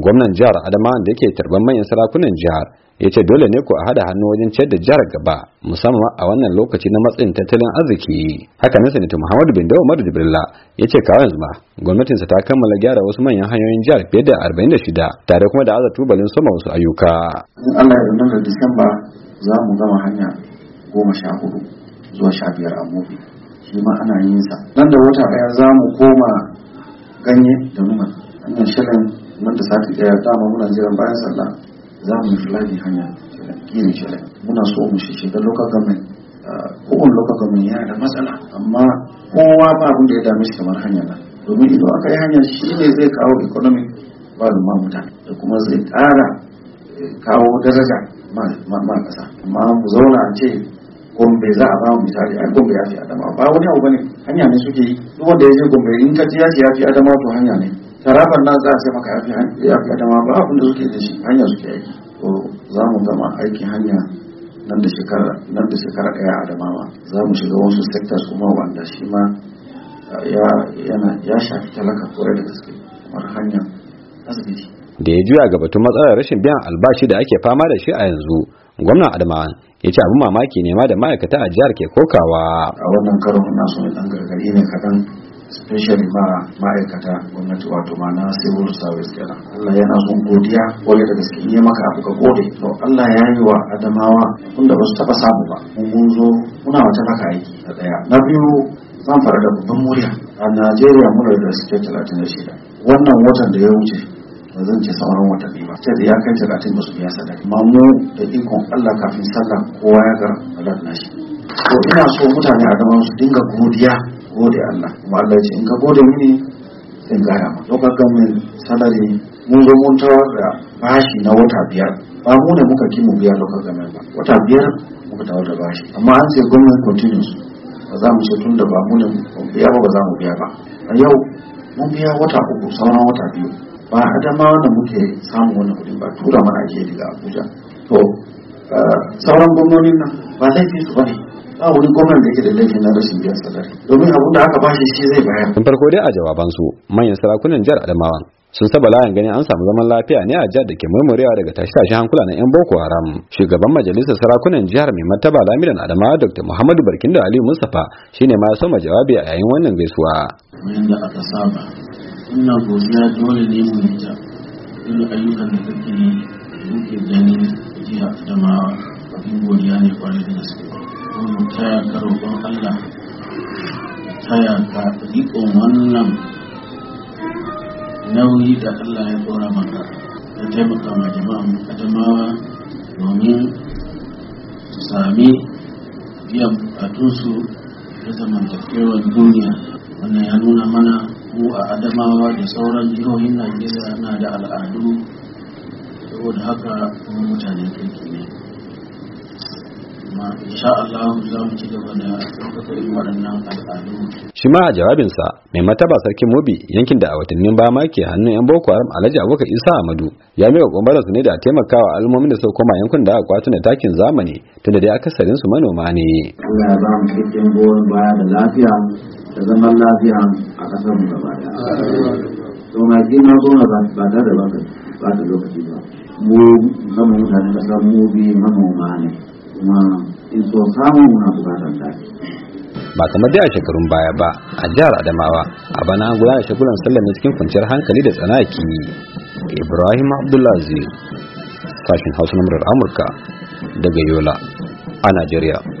gwamnan jihar adama da yake tarban manyan sarakunan jihar ya ce dole ne ku a hada hannu wajen ciyar da jihar gaba musamman a wannan lokaci na matsayin tattalin arziki haka na sanata muhammadu bin dawo madu jibrila ya ce kawai yanzu ma gwamnatinsa ta kammala gyara wasu manyan hanyoyin jihar fiye da 46 tare kuma da azatu balin sama wasu ayyuka in allah ya yarda da disamba za mu gama hanya goma sha hudu zuwa sha biyar a mobi shi ma ana yin sa nan da wata daya za mu koma ganye da numan wannan shirin Mun da sati daya dama muna jiran bayan sallah za mu fulani hanya kiri shirin muna so mu shi shiga local government ah, kowane local government yana da matsala amma kowa ba abin da ya dame shi kamar hanya na domin idan aka yi hanya shi ne zai kawo economic ba da ma mutane da kuma zai ƙara eh, kawo daraja ma ƙasa amma mu zauna a ce gombe za a bamu misali a gombe ya fi adama ba wani abu bane hanya ne suke yi duk wanda ya je gombe in ka ji ya fi adama to hanya ne tarabar nan za a sai maka ya fi adama ba abin da suke da shi hanyar suke aiki to za mu gama aiki hanya nan da shekara nan da shekara ɗaya adamawa za mu shiga wasu sectors kuma wanda shi ma eh, ya shafi talaka kore da gaske kamar hanyar asibiti da ya juya ga batun matsalar rashin biyan albashi da ake fama da shi a yanzu gwamnan adamawa ya ce abin mamaki ne ma da ma'aikata a jihar ke kokawa a wannan karo, na so dan gargari ne kaɗan especially ma ma'aikata gwamnati wato ma na civil service kenan Allah yana son godiya kwarai da gaske in maka abu ka gode to Allah ya yi wa adamawa wanda ba su taba samu ba mun zo muna wata maka aiki na daya na biyu zan fara da babban murya a Najeriya muna da talatin da shida. wannan watan da ya wuce ba zan ce sauran watanni ba ce da ya kai talatin ba su biya sadaka amma mu da ikon Allah kafin sallah kowa ya ga halar nashi to ina so mutane a su dinga godiya gode Allah kuma Allah ce in ka gode mini zan gaya ma kaga mun salary mun zo mun tawar da bashi na wata biyar ba mu ne muka ki biyar biya local ba wata biyar muka tawar da bashi amma an ce gwamnati continuous ba za mu ce tun da ba mu ne biya ba za mu biya ba a yau mun biya wata uku sauran wata biyu ba adama da muke samu wani kudin ba tura mana ake daga abuja to eh, sauran gwamnonin nan ba zai fi su bane ba wani gwamnan da yake da laifin na rashin biyan sadari domin abin da aka bashi shi zai bayar tun farko dai a jawabansu manyan sarakunan jihar Adamawa, sun saba layin ganin an samu zaman lafiya ne a jihar da ke murmurewa daga tashe-tashen hankula na 'yan boko haram shugaban majalisar sarakunan jihar mai martaba lamiran adamawa dr muhammadu Barkindu ali mustapha shine ma sama jawabi a yayin wannan gaisuwa da aka saba ina godiya dole ne mu yi irin ayyukan da kake yi da muke ganin jihar adamawa abin godiya ne kwarai da gaske mu taya ka roƙon Allah taya ka riƙon wannan nauyi da Allah ya tsora maka da taimaka ma jama'a adamawa domin su sami biyan bukatunsu da zamantakewar duniya wannan ya nuna mana mu a adamawa da sauran jihohin najeriya na da al'adu saboda haka kuma mutane kirki ne Shi ma a jawabinsa mai mataba sarkin Mobi yankin da a watannin ba ma ke hannun 'yan Boko Haram Alhaji abokan Isa Amadu ya mai kokarin su ne da taimakawa al'ummomin da suka koma yankun da aka kwato da takin zamani tunda dai akasarin su manoma ne. Allah ya ba mu cikakken goyon baya da lafiya da zaman lafiya a mu gaba na ba da ba lokaci ba. Mu mutane ƙasar mu bi manoma ne. ba kamar dai a shekarun baya ba a jihar adamawa a bana an gudanar shagulan sallar na cikin kwanciyar hankali da tsanaki ibrahim abdulaziz sashin hausa na murar amurka daga yola a najeriya